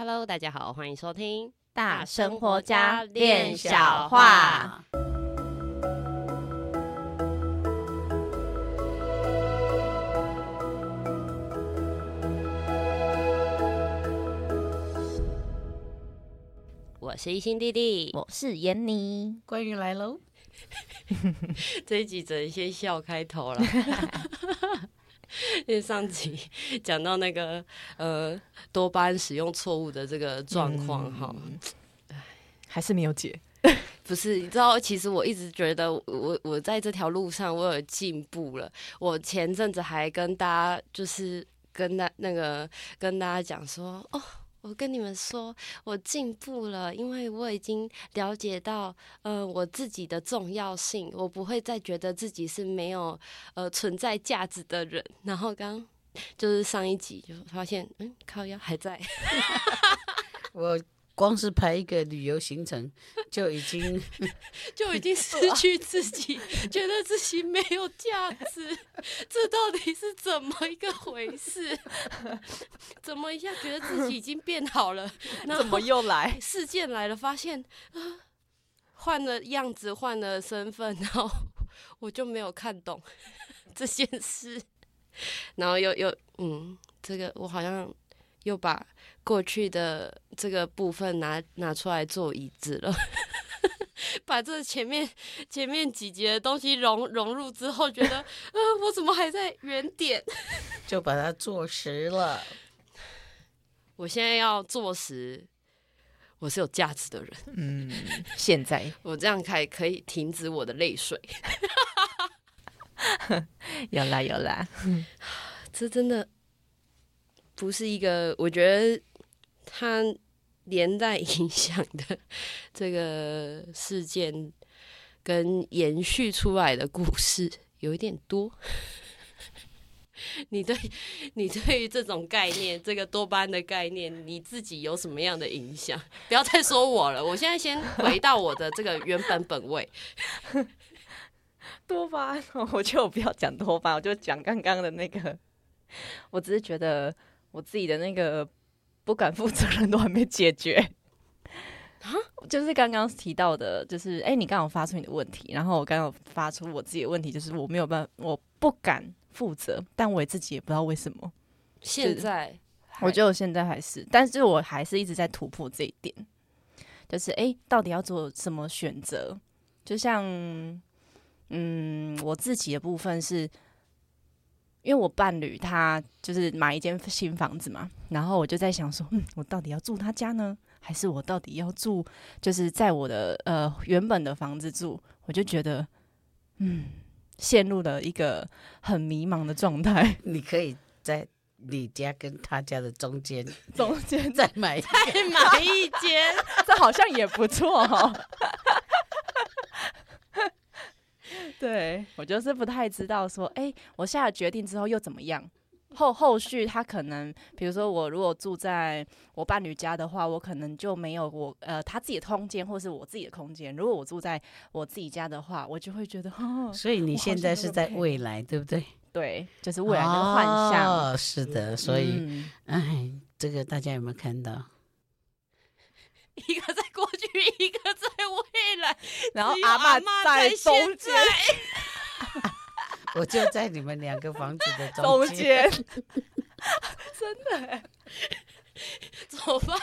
Hello，大家好，歡迎收聽大《大生活家練小話》。我是一心弟弟，我是妍妮，妍妮關於來嘍。 這一集只能先笑開頭了。 因為上集講到那個呃多巴胺使用錯誤的這個狀況哈,還是沒有解。 不是，你知道，其實我一直覺得我我在這條路上我有進步了。我前陣子還跟大家就是跟大那，那個跟大家講說哦。我跟你們說，我進步了，因為我已經了解到，呃，我自己的重要性，我不會再覺得自己是沒有，呃，存在價值的人。然後剛就是上一集就發現，嗯，靠腰還在， 我。光是排一個旅遊行程，就已經 就已經失去自己， 覺得自己沒有價值。這到底是怎麼一個回事？怎麼一下覺得自己已經變好了？ 那怎麼又來事件來了？發現、呃、換了樣子，換了身份，然後我就沒有看懂這件事。然後又又嗯，這個我好像又把過去的。這個部分拿拿出來做椅子了， 把這前面前面幾節的東西融融入之後，覺得啊、 呃，我怎麼還在原點？ 就把它坐實了。我現在要坐實，我是有價值的人。 嗯，現在 我這樣開可以停止我的淚水。 有啦、有啦，嗯，這真的不是一個，我覺得他。連帶影響的這個事件跟延續出來的故事有一點多。你對，你對於這種概念，這個多巴胺的概念，你自己有什麼樣的影響？不要再說我了，我現在先回到我的這個原本本位。 多巴胺，我就不要講多巴胺，我就講剛剛的那個。我只是覺得我自己的那個。不敢負責任都還沒解決啊！就是剛剛提到的，就是欸，你剛有發出你的問題，然後我剛有發出我自己的問題，就是我沒有辦法，我不敢負責，但我也自己也不知道為什麼。現在、就是、我覺得我現在還是，但是我還是一直在突破這一點，就是欸，到底要做什麼選擇？就像嗯，我自己的部分是。因為我伴侶他就是買一間新房子嘛，然後我就在想說，嗯，我到底要住他家呢？還是我到底要住就是在我的呃原本的房子住？我就覺得，嗯，陷入了一個很迷茫的狀態。你可以在你家跟他家的中間，中間再買再買一間， 買一 這好像也不錯哦。 對，我就是不太知道說，哎、欸，我下了決定之後又怎麼樣？後後續他可能，比如說，我如果住在我伴侶家的話，我可能就沒有我呃他自己的空間，或是我自己的空間。如果我住在我自己家的話，我就會覺得。哦，所以你現在是在未來，對不對？對，就是未來的幻想。哦，是的，所以，哎，這個大家有沒有看到？一個在過去，一個在未來，然後阿爸在中間， 我就在你們兩個房子的中間，中 真的耶。 怎麼辦？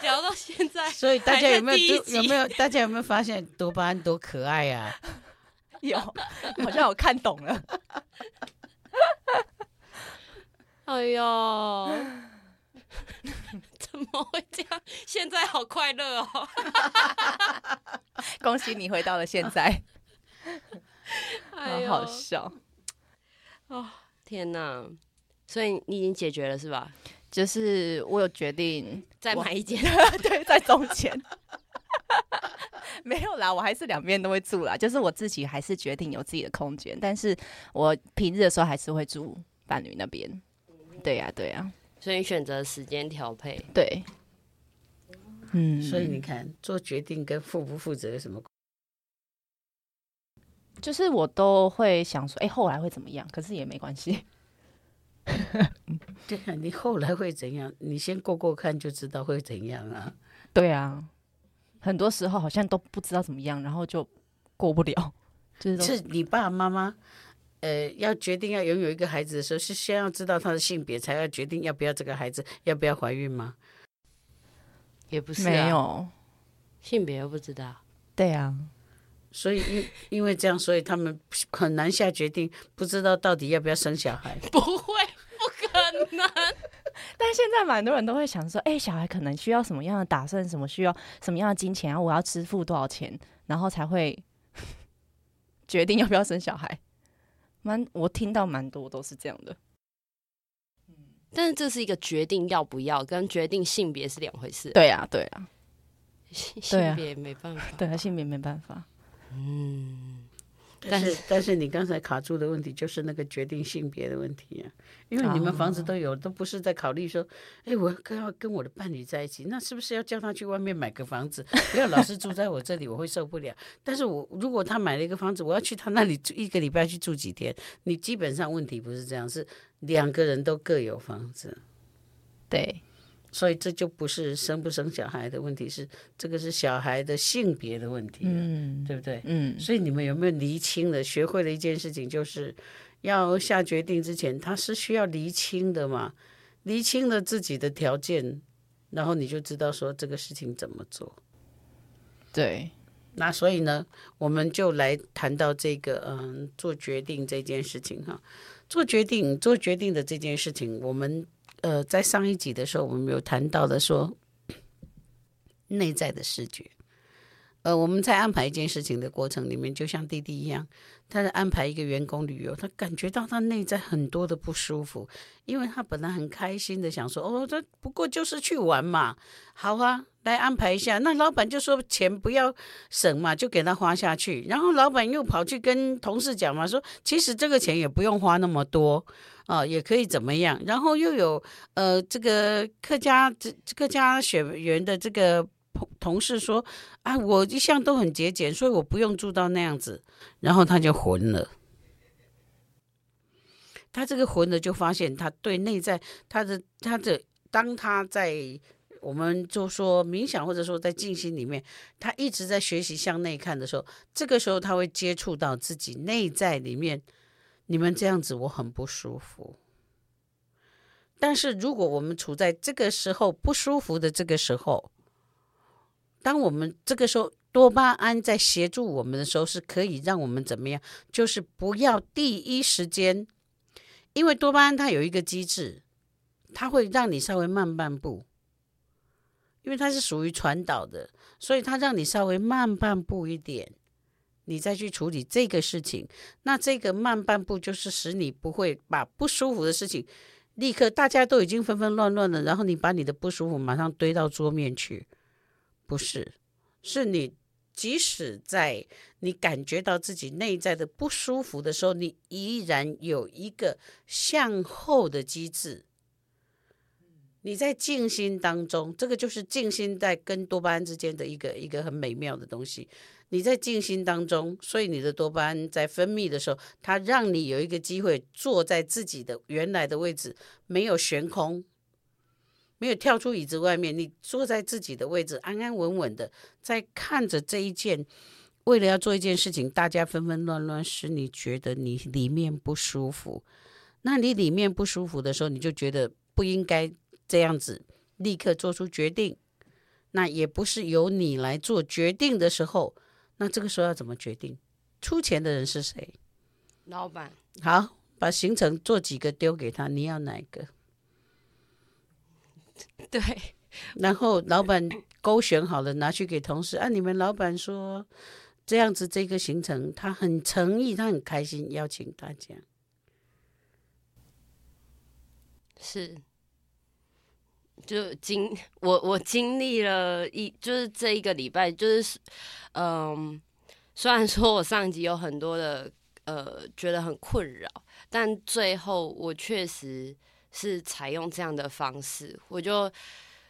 聊到現在， 所以大家有沒有有沒有大家有沒有發現多巴胺多可愛呀？ 有，好像我看懂了。 哎呦！ 怎麼會這樣？現在好快樂哦！ 恭喜你回到了現在，啊啊哎、好好笑、哦、天哪！所以你已經解決了是吧？就是我有決定再買一間， 對，在中間。 沒有啦，我還是兩邊都會住啦。就是我自己還是決定有自己的空間，但是我平日的時候還是會住伴侶那邊。對呀、啊，對呀、啊。所以你選擇時間調配，對，嗯，所以你看做決定跟負不負責有什麼？就是我都會想說，哎，後來會怎麼樣？可是也沒關係。 對啊，你後來會怎樣？你先過過看就知道會怎樣啊。對啊，很多時候好像都不知道怎麼樣，然後就過不了。就是你爸爸媽媽，呃，要決定要擁有一個孩子的時候，是先要知道他的性別，才要決定要不要這個孩子，要不要懷孕嗎？也不是、啊，沒有性別又不知道。對啊，所以因因為這樣，所以他們很難下決定，不知道到底要不要生小孩。 不會，不可能。 但現在蠻多人都會想說，哎、欸，小孩可能需要什麼樣的打算？什麼需要什麼樣的金錢？我要支付多少錢，然後才會決定要不要生小孩。蠻，我聽到蠻多都是這樣的，嗯，但是這是一個決定要不要，跟決定性別是兩回事啊，對啊，對啊， 性別沒辦法啊，對啊，性別沒辦法，嗯。但是但是你剛才卡住的問題就是那個決定性別的問題啊。因為你們房子都有，oh, 都不是在考慮說，哎，我要跟，跟我的伴侶在一起，那是不是要叫他去外面買個房子？不要老是住在我這裡， 我會受不了。但是我如果他買了一個房子，我要去他那裡住一個禮拜，去住幾天，你基本上問題不是這樣，是兩個人都各有房子，對。所以這就不是生不生小孩的問題，是這個是小孩的性別的問題，嗯，對不對？嗯，所以你們有沒有釐清了？學會了一件事情，就是要下決定之前，他是需要釐清的嘛？釐清了自己的條件，然後你就知道說這個事情怎麼做。對，那所以呢，我們就來談到這個嗯，做決定這件事情哈，做決定做決定的這件事情，我們。呃，在上一集的時候，我們有談到的說，內在的視覺。呃，我們在安排一件事情的過程裡面，就像弟弟一樣，他在安排一個員工旅遊，他感覺到他內在很多的不舒服，因為他本來很開心的想說，哦，這不過就是去玩嘛，好啊，來安排一下。那老闆就說錢不要省嘛，就給他花下去。然後老闆又跑去跟同事講嘛，說其實這個錢也不用花那麼多。啊、哦，也可以怎麼樣？然後又有呃，這個客家這客家學員的這個同同事說，啊，我一向都很節儉，所以我不用住到那樣子。然後他就混了，他這個混了就發現他對內在，他的他的當他在我們就說冥想或者說在靜心裡面，他一直在學習向內看的時候，這個時候他會接觸到自己內在裡面。你們這樣子我很不舒服，但是如果我們處在這個時候不舒服的這個時候，當我們這個時候多巴胺在協助我們的時候，是可以讓我們怎麼樣？就是不要第一時間，因為多巴胺它有一個機制，它會讓你稍微慢半步，因為它是屬於傳導的，所以它讓你稍微慢半步一點。你再去處理這個事情，那這個慢半步就是使你不會把不舒服的事情立刻，大家都已經紛紛亂亂了，然後你把你的不舒服馬上堆到桌面去。不是，是你即使在你感覺到自己內在的不舒服的時候，你依然有一個向後的機制。你在靜心當中，這個就是靜心在跟多巴胺之間的一個一個很美妙的東西。你在靜心當中，所以你的多巴胺在分泌的時候，它讓你有一個機會坐在自己的原來的位置，沒有懸空，沒有跳出椅子外面。你坐在自己的位置，安安穩穩的在看着這一件。為了要做一件事情，大家紛紛亂亂使你覺得你裡面不舒服。那你裡面不舒服的時候，你就覺得不應該。這樣子立刻做出決定，那也不是由你來做決定的時候。那這個時候要怎麼決定？出錢的人是誰？老闆。好，把行程做幾個丟給他，你要哪一個？對。然後老闆勾選好了，拿去給同事。啊，你們老闆說，這樣子這個行程，他很誠意，他很開心邀請大家。是。就經我我經歷了一，就是這一個禮拜，就是，嗯，雖然說我上一集有很多的呃覺得很困擾，但最後我確實是採用這樣的方式，我就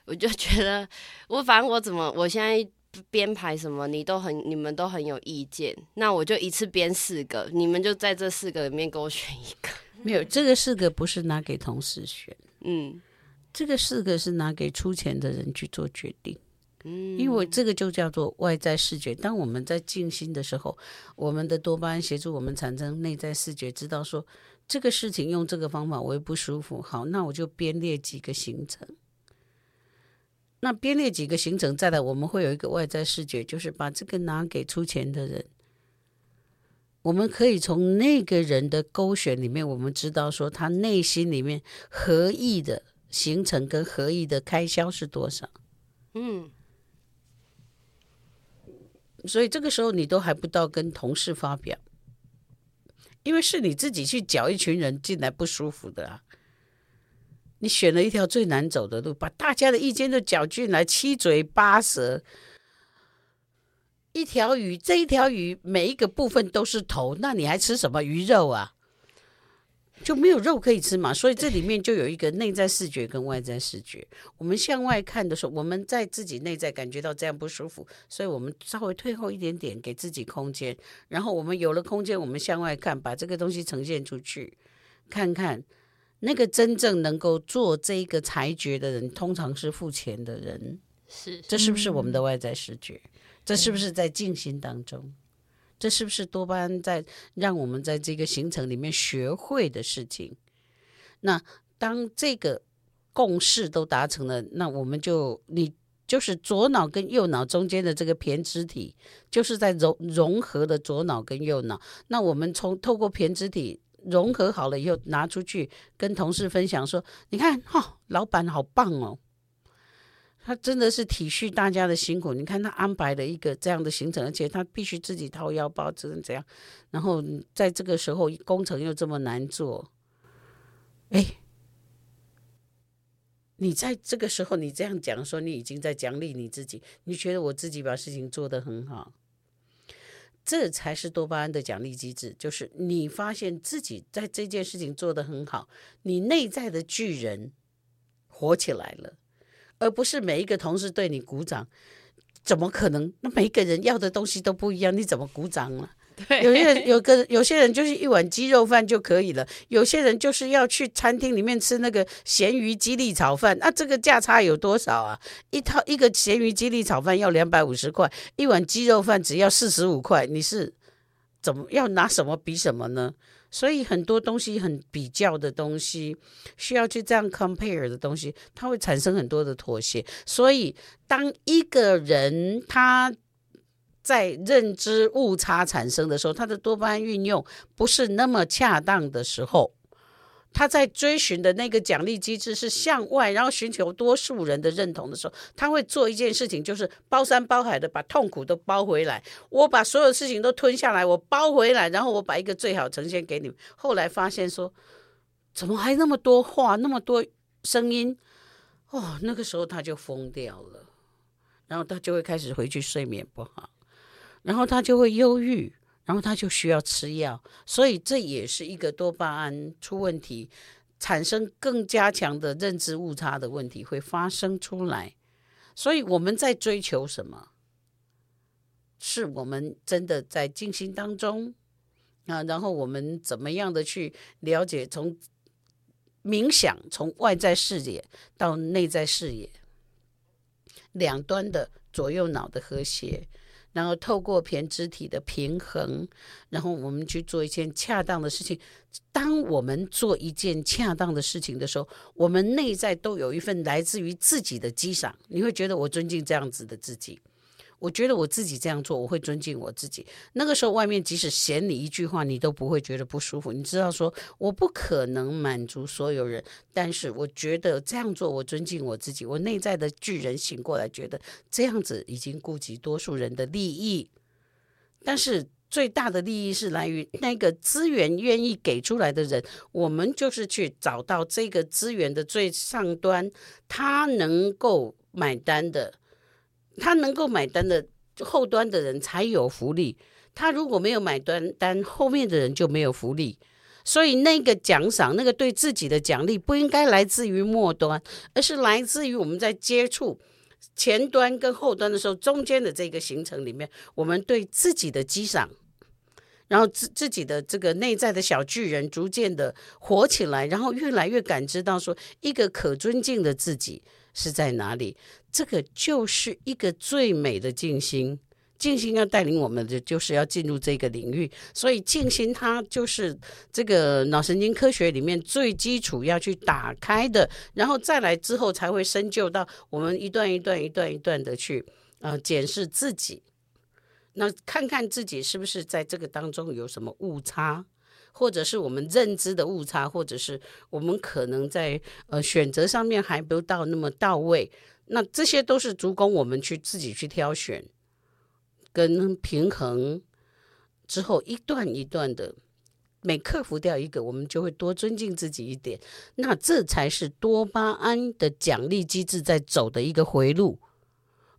我就覺得我反正我怎麼我現在編排什麼，你都很你們都很有意見，那我就一次編四個，你們就在這四個裡面給我選一個。沒有，這個四個不是拿給同事選，嗯。這個四個是拿給出錢的人去做決定，嗯，因為這個就叫做外在視覺。當我們在靜心的時候，我們的多巴胺協助我們產生內在視覺，知道說這個事情用這個方法我也不舒服，好，那我就編列幾個行程。那編列幾個行程再來，我們會有一個外在視覺，就是把這個拿給出錢的人。我們可以從那個人的勾選裡面，我們知道說他內心裡面合意的行程跟合意的開銷是多少？嗯，所以這個時候你都還不到跟同事發表，因為是你自己去攪一群人進來不舒服的啊！你選了一條最難走的路，把大家的意見都攪進來，七嘴八舌。一條魚，這一條魚每一個部分都是頭，那你還吃什麼魚肉啊？就沒有肉可以吃嘛，所以這裡面就有一個內在視覺跟外在視覺。我們向外看的時候，我們在自己內在感覺到這樣不舒服，所以我們稍微退後一點點，給自己空間。然後我們有了空間，我們向外看，把這個東西呈現出去，看看那個真正能夠做這個裁決的人，通常是付錢的人。是，這是不是我們的外在視覺？嗯，這是不是在靜心當中？這是不是多巴胺在讓我們在這個行程裡面學會的事情？那當這個共識都達成了，那我們就你就是左腦跟右腦中間的這個胼胝體，就是在融融合的左腦跟右腦。那我們從透過胼胝體融合好了以後，拿出去跟同事分享，說：“你看哈、哦，老闆好棒哦。”他真的是體恤大家的辛苦，你看他安排了一個這樣的行程，而且他必須自己掏腰包，只能怎樣？然後在這個時候，工程又這麼難做，哎，你在這個時候，你這樣講說，你已經在獎勵你自己，你覺得我自己把事情做得很好，這才是多巴胺的獎勵機制，就是你發現自己在這件事情做得很好，你內在的巨人活起來了。而不是每一個同事對你鼓掌，怎麼可能？那每一個人要的東西都不一樣，你怎麼鼓掌了、啊？對，有些人、有個、有些人就是一碗雞肉飯就可以了，有些人就是要去餐廳裡面吃那個鹹魚雞粒炒飯，那、啊、這個價差有多少啊？一套一個鹹魚雞粒炒飯要兩百五十塊，一碗雞肉飯只要四十五塊，你是怎麼要拿什麼比什麼呢？所以很多東西很比較的東西，需要去這樣 compare 的東西，它會產生很多的妥協。所以當一個人他在認知誤差產生的時候，他的多巴胺運用不是那麼恰當的時候。他在追尋的那個獎勵機制是向外，然後尋求多數人的認同的時候，他會做一件事情，就是包山包海的把痛苦都包回來，我把所有事情都吞下來，我包回來，然後我把一個最好呈現給你們。後來發現說，怎麼還那麼多話，那麼多聲音？哦，那個時候他就瘋掉了，然後他就會開始回去睡眠不好，然後他就會憂鬱。然後他就需要吃藥，所以這也是一個多巴胺出問題，產生更加強的認知誤差的問題會發生出來。所以我們在追求什麼？是我們真的在進行當中啊？然後我們怎麼樣的去了解？從冥想，從外在視野到內在視野，兩端的左右腦的和諧。然後透過胼胝體的平衡，然後我們去做一件恰當的事情。當我們做一件恰當的事情的時候，我們內在都有一份來自於自己的激賞。你會覺得我尊敬這樣子的自己。我覺得我自己這樣做，我會尊敬我自己。那個時候，外面即使嫌你一句話，你都不會覺得不舒服。你知道，說我不可能滿足所有人，但是我覺得這樣做，我尊敬我自己。我內在的巨人醒過來，覺得這樣子已經顧及多數人的利益，但是最大的利益是來於那個資源願意給出來的人。我們就是去找到這個資源的最上端，他能夠買單的。他能夠買單的後端的人才有福利，他如果沒有買單單，後面的人就沒有福利。所以那個獎賞，那個對自己的獎勵，不應該來自於末端，而是來自於我們在接觸前端跟後端的時候，中間的這個行程裡面，我們對自己的激賞，然後自自己的這個內在的小巨人逐漸的活起來，然後越來越感知到說一個可尊敬的自己，是在哪裡？這個就是一個最美的靜心，靜心要帶領我們的，就是要進入這個領域。所以靜心它就是這個腦神經科學裡面最基礎要去打開的，然後再來之後才會深究到我們一段一段一段一段一段的去呃檢視自己，那看看自己是不是在這個當中有什麼誤差。或者是我們認知的誤差，或者是我們可能在呃選擇上面還不到那麼到位，那這些都是足夠我們去自己去挑選，跟平衡之後一段一段的，每克服掉一個，我們就會多尊敬自己一點，那這才是多巴胺的獎勵機制在走的一個回路。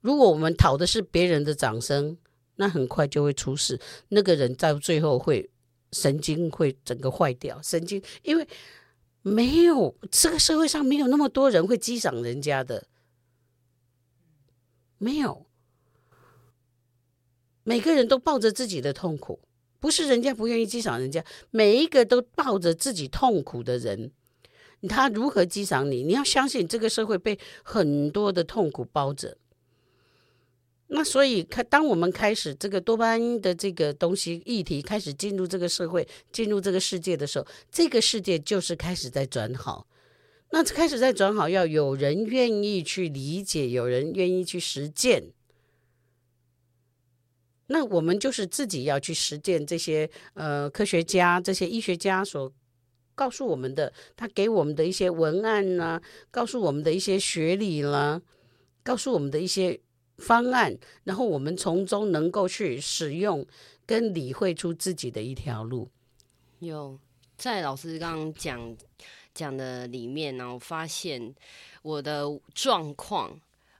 如果我們討的是別人的掌聲，那很快就會出事，那個人在最後會。神經會整個壞掉，神經，因為沒有這個社會上沒有那麼多人會激賞人家的，沒有，每個人都抱着自己的痛苦，不是人家不願意激賞人家，每一個都抱着自己痛苦的人，他如何激賞你？你要相信這個社會被很多的痛苦包着。那所以看，當我們開始這個多巴胺的這個東西議題開始進入這個社會、進入這個世界的時候，這個世界就是開始在轉好。那開始在轉好，要有人願意去理解，有人願意去實踐。那我們就是自己要去實踐這些，呃，科學家、這些醫學家所告訴我們的，他給我們的一些文案呢、啊，告訴我們的一些學理啦、啊、告訴我們的一些。方案，然後我們從中能夠去使用跟理會出自己的一條路。有在老師剛剛講講的裡面呢，我發現我的狀況，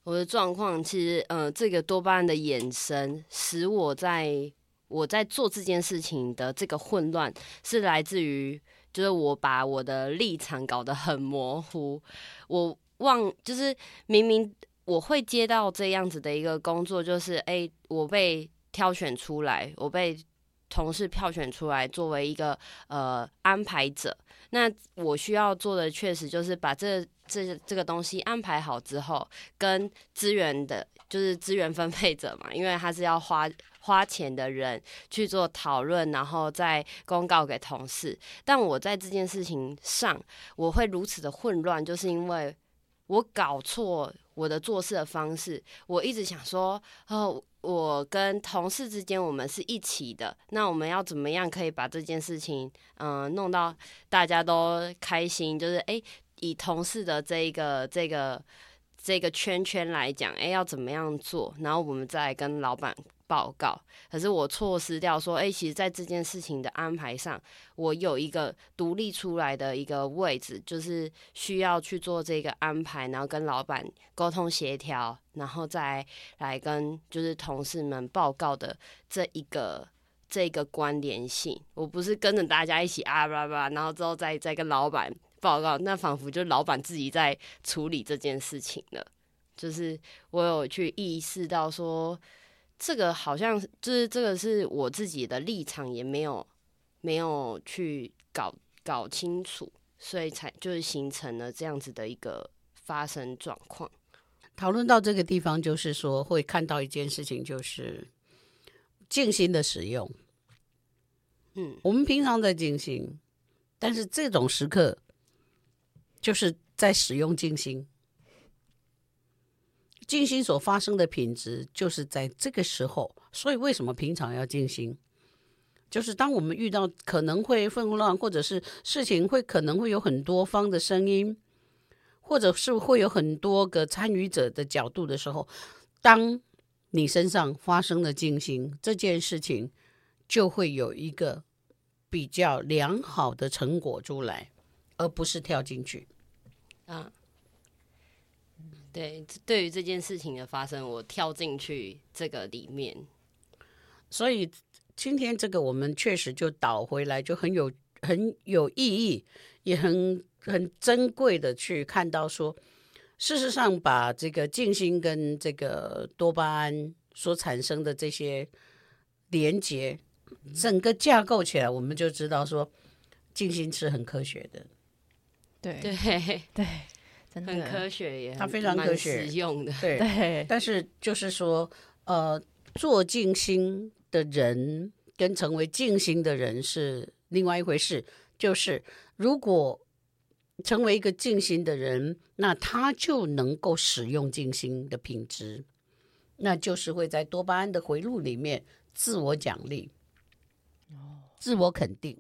我的狀況其實，呃，這個多巴胺的衍生，使我在我在做這件事情的這個混亂，是來自於就是我把我的立場搞得很模糊，我忘就是明明。我會接到這樣子的一個工作，就是誒，我被挑選出來，我被同事票選出來，作為一個呃安排者。那我需要做的確實就是把這這這個東西安排好之後，跟資源的，就是資源分配者嘛，因為他是要花花錢的人去做討論，然後再公告給同事。但我在這件事情上，我會如此的混亂，就是因為我搞錯。我的做事的方式，我一直想說，哦，我跟同事之間我們是一起的，那我們要怎麼樣可以把這件事情，嗯、呃，弄到大家都開心？就是誒，以同事的這一個、這個、這個圈圈來講，誒，要怎麼樣做？然後我們再來跟老板。報告，可是我錯失掉說，哎、欸，其實在這件事情的安排上，我有一個獨立出來的一個位置，就是需要去做這個安排，然後跟老板溝通協調，然後再來跟就是同事們報告的這一個這一個關聯性。我不是跟着大家一起啊吧吧，然後之後再再跟老板報告，那仿佛就老板自己在處理這件事情了。就是我有去意識到說。這個好像就是這個是我自己的立場，也沒有沒有去搞搞清楚，所以才就是形成了這樣子的一個發生狀況。討論到這個地方，就是說會看到一件事情，就是靜心的使用。嗯，我們平常在靜心，但是這種時刻就是在使用靜心。靜心所發生的品質，就是在這個時候。所以，為什麼平常要靜心？就是當我們遇到可能會混亂，或者是事情會可能會有很多方的聲音，或者是會有很多個參與者的角度的時候，當你身上發生了靜心，這件事情就會有一個比較良好的成果出來，而不是跳進去啊。嗯。對，對於這件事情的發生，我跳進去這個裡面。所以今天這個我們確實就倒回來，就很有很有意義，也很很珍貴的去看到說，事實上把這個靜心跟這個多巴胺所產生的這些連接，嗯、整個架構起來，我們就知道說，靜心是很科學的。對對對。 真的很科學，耶，他非常科學、實用的。對，但是就是說，呃，做靜心的人跟成為靜心的人是另外一回事。就是如果成為一個靜心的人，那他就能夠使用靜心的品質，那就是會在多巴胺的回路裡面自我獎勵，哦，自我肯定，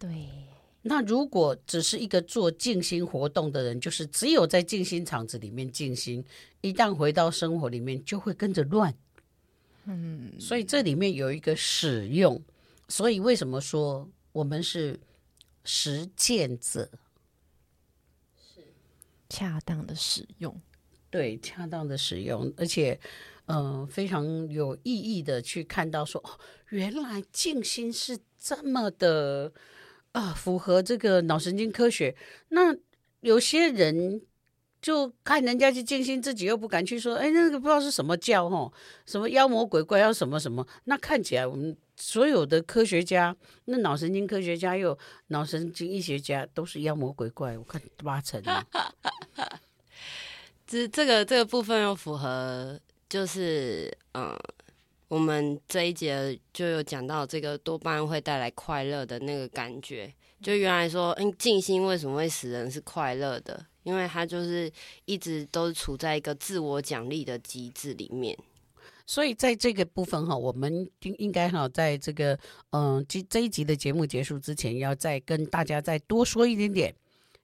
對。那如果只是一個做靜心活動的人，就是只有在靜心場子裡面靜心，一旦回到生活裡面就會跟着亂。嗯，所以這裡面有一個使用，所以為什麼說我們是實踐者？是恰當的使用，對，恰當的使用，而且，嗯，呃，非常有意義的去看到說，哦，原來靜心是這麼的。啊、哦，符合這個腦神經科學。那有些人就看人家去靜心自己，又不敢去說，哎，那個不知道是什麼教吼什麼妖魔鬼怪，要什麼什麼。那看起來我們所有的科學家，那腦神經科學家又腦神經醫學家都是妖魔鬼怪，我看八成了。這 這個這個部分又符合，就是嗯。我們這一節就有講到這個多巴胺會帶來快樂的那個感覺，就原來說，嗯，靜心為什麼會使人是快樂的？因為他就是一直都處在一個自我獎勵的機制裡面。所以在這個部分哈、哦，我們應應該哈，在這個嗯，這、呃、這一集的節目結束之前，要再跟大家再多說一點點，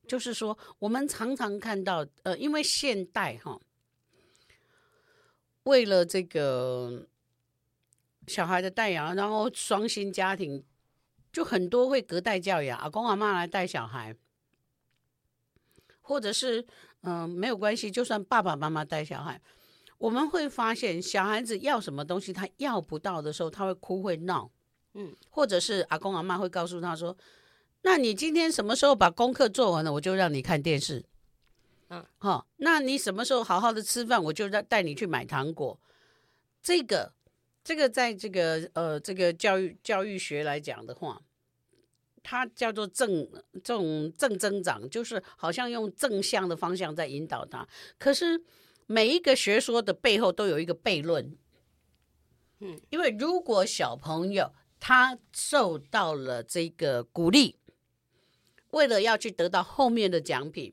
就是說我們常常看到，呃，因為現代哈、哦，為了這個。小孩的帶養，然後雙薪家庭就很多會隔代教養、啊，阿公阿嬤來帶小孩，或者是嗯、呃、沒有關係，就算爸爸媽媽帶小孩，我們會發現小孩子要什麼東西他要不到的時候，他會哭會鬧，嗯，或者是阿公阿嬤會告訴他說，那你今天什麼時候把功課做完了，我就讓你看電視，嗯，好、哦，那你什麼時候好好的吃飯，我就讓帶你去買糖果，這個。這個在這個呃這個教育教育學來講的話，它叫做正這種正增長，就是好像用正向的方向在引導他。可是每一個學說的背後都有一個悖論，嗯，因為如果小朋友他受到了這個鼓勵，為了要去得到後面的獎品，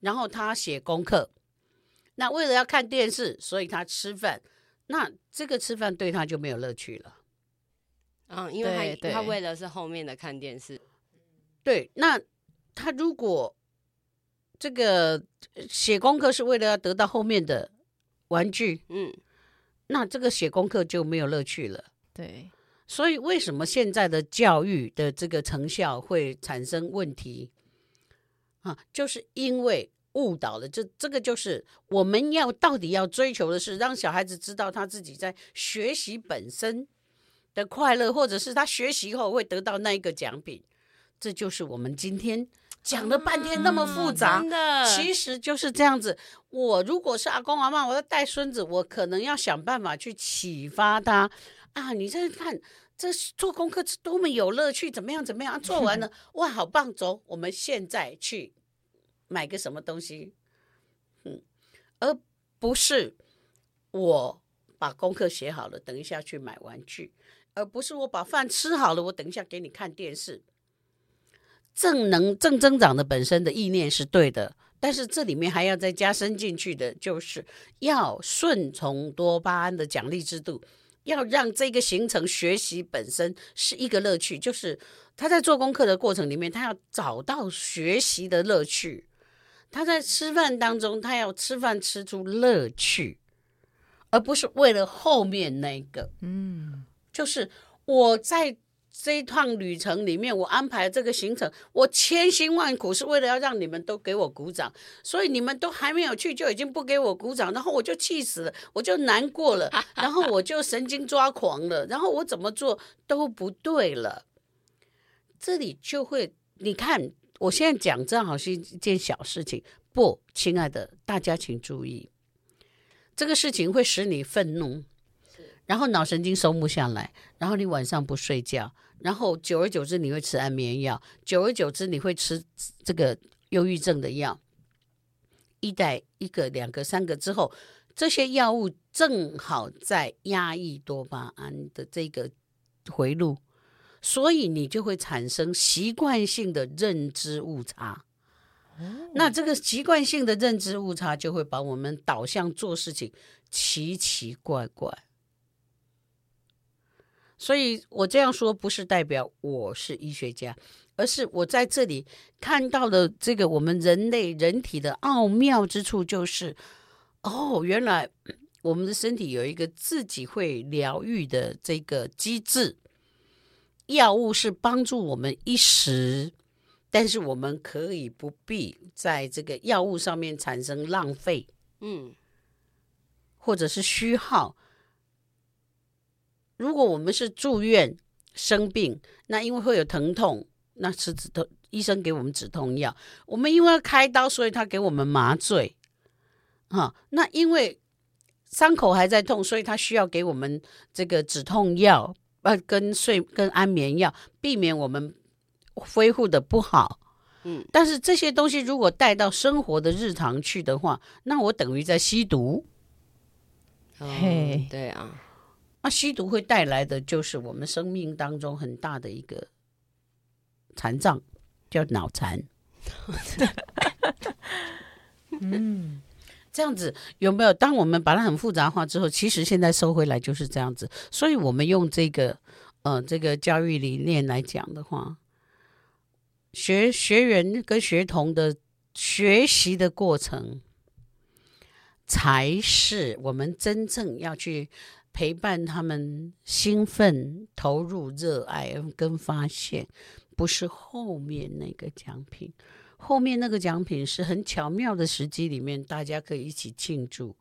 然後他寫功課，那為了要看電視，所以他吃飯。那這個吃飯對他就沒有樂趣了，嗯、啊，因為他對他為的是後面的看電視，對，那他如果這個寫功課是為了要得到後面的玩具，嗯，那這個寫功課就沒有樂趣了，對，所以為什麼現在的教育的這個成效會產生問題啊？就是因為。誤導了，這這個就是我們要到底要追求的是讓小孩子知道他自己在學習本身的快樂，或者是他學習後會得到那一個獎品。這就是我們今天講了半天那麼複雜的，嗯，其實就是這樣子。我如果是阿公阿媽，我要帶孫子，我可能要想辦法去啟發他啊。你再看，這做功課是多麼有樂趣，怎麼樣怎麼樣，啊，做完了，嗯，哇，好棒！走，我們現在去。買個什麼東西？嗯，而不是我把功課寫好了，等一下去買玩具；而不是我把飯吃好了，我等一下給你看電視。正能正增長的本身的意念是對的，但是這裡面還要再加深進去的，就是要順從多巴胺的獎勵制度，要讓這個形成學習本身是一個樂趣，就是他在做功課的過程裡面，他要找到學習的樂趣。他在吃飯當中，他要吃飯吃出樂趣，而不是為了後面那個。嗯，就是我在這一趟旅程裡面，我安排這個行程，我千辛萬苦是為了要讓你們都給我鼓掌，所以你們都還沒有去就已經不給我鼓掌，然後我就氣死了，我就難過了，然後我就神經抓狂了， 然後我怎麼做都不對了，這裡就會，你看。我現在講正好是一件小事情，不，親愛的，大家請注意，這個事情會使你憤怒，然後腦神經鬆不下來，然後你晚上不睡覺，然後久而久之你會吃安眠藥，久而久之你會吃這個憂鬱症的藥，一代一個、兩個、三個之後，這些藥物正好在壓抑多巴胺的這個回路。所以你就會產生習慣性的認知誤差，那這個習慣性的認知誤差就會把我們導向做事情奇奇怪怪怪。所以我這樣說不是代表我是醫學家，而是我在這裡看到的這個我們人類人體的奧妙之處就是，哦，原來我們的身體有一個自己會療癒的這個機制。藥物是幫助我們一時，但是我們可以不必在這個藥物上面產生浪費，嗯，或者是虛耗。如果我們是住院生病，那因為會有疼痛，那吃止痛，醫生給我們止痛藥。我們因為要開刀，所以他給我們麻醉，哈、啊。那因為傷口還在痛，所以他需要給我們這個止痛藥。呃、跟睡跟安眠藥，避免我們恢復的不好，嗯。但是這些東西如果帶到生活的日常去的話，那我等於在吸毒。嗯、對啊，那，啊、吸毒會帶來的就是我們生命當中很大的一個殘障，叫腦殘。 嗯。這樣子有沒有？當我們把它很複雜化之後，其實現在收回來就是這樣子。所以，我們用這個，呃，這個教育理念來講的話，學學員跟學童的學習的過程，才是我們真正要去陪伴他們興奮、投入、熱愛跟發現，不是後面那個獎品。後面那個獎品是很巧妙的時機裡面，大家可以一起慶祝。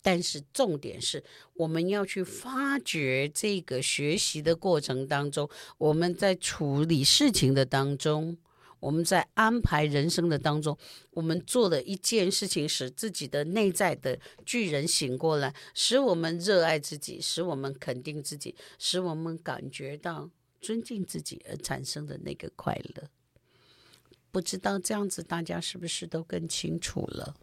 但是重點是，我們要去發掘這個學習的過程當中，我們在處理事情的當中，我們在安排人生的當中，我們做的一件事情，使自己的內在的巨人醒過來，使我們熱愛自己，使我們肯定自己，使我們感覺到尊敬自己而產生的那個快樂。我知道這樣子大家是不是都更清楚了？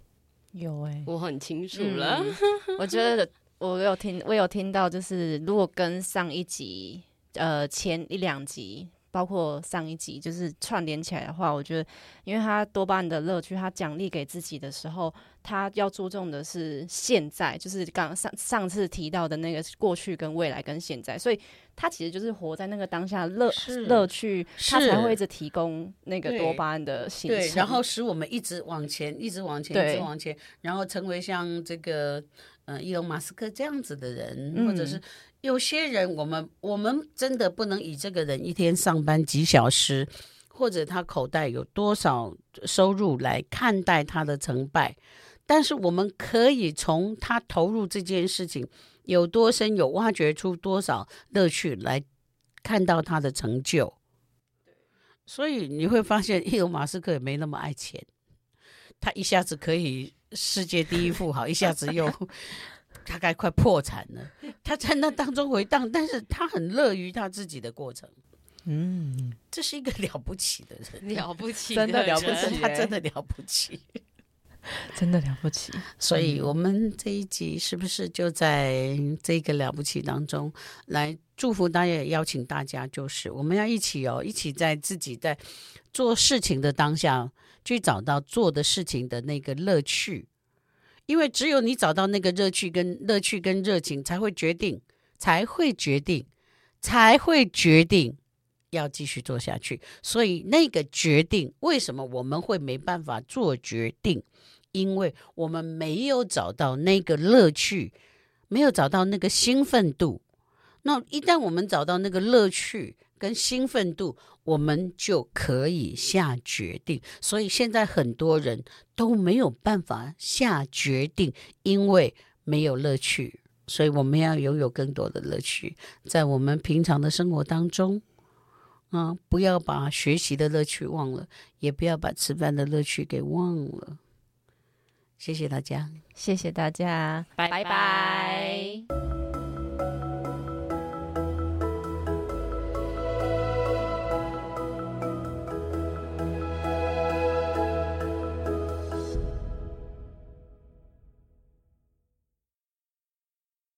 有誒、欸，我很清楚了，嗯。 我覺得我有聽，我有聽到，就是如果跟上一集，呃，前一兩集。包括上一集，就是串聯起來的話，我覺得，因為他多巴胺的樂趣，他獎勵給自己的時候，他要注重的是現在，就是剛上上次提到的那個過去、跟未來、跟現在，所以他其實就是活在那個當下樂樂趣，他才會一直提供那個多巴胺的興奮，然後使我們一直往前，一直往前，一直往前，然後成為像這個呃，伊隆馬斯克這樣子的人，嗯、或者是。有些人，我們我們真的不能以這個人一天上班幾小時，或者他口袋有多少收入來看待他的成敗。但是我們可以從他投入這件事情有多深，有挖掘出多少樂趣來看到他的成就。所以你會發現，伊隆·馬斯克也沒那麼愛錢，他一下子可以世界第一富豪， 一下子又。 他該快破產了，他在那當中回盪，但是他很樂於他自己的過程。嗯，這是一個了不起的人，了不起的人， 真的了不起，他真的了不起， 真的了不起。所以，我們這一集是不是就在這個了不起當中來祝福大家？嗯、邀請大家，就是我們要一起哦，一起在自己在做事情的當下，去找到做的事情的那個樂趣。因為只有你找到那個樂趣跟、跟樂趣、跟熱情才，才會決定、才會決定、才會決定要繼續做下去。所以那個決定，為什麼我們會沒辦法做決定？因為我們沒有找到那個樂趣，沒有找到那個興奮度。那一旦我們找到那個樂趣跟興奮度，我們就可以下決定，所以現在很多人都沒有辦法下決定，因為沒有樂趣。所以我們要擁有更多的樂趣，在我們平常的生活當中，啊、嗯，不要把學習的樂趣忘了，也不要把吃飯的樂趣給忘了。謝謝大家，謝謝大家，拜拜。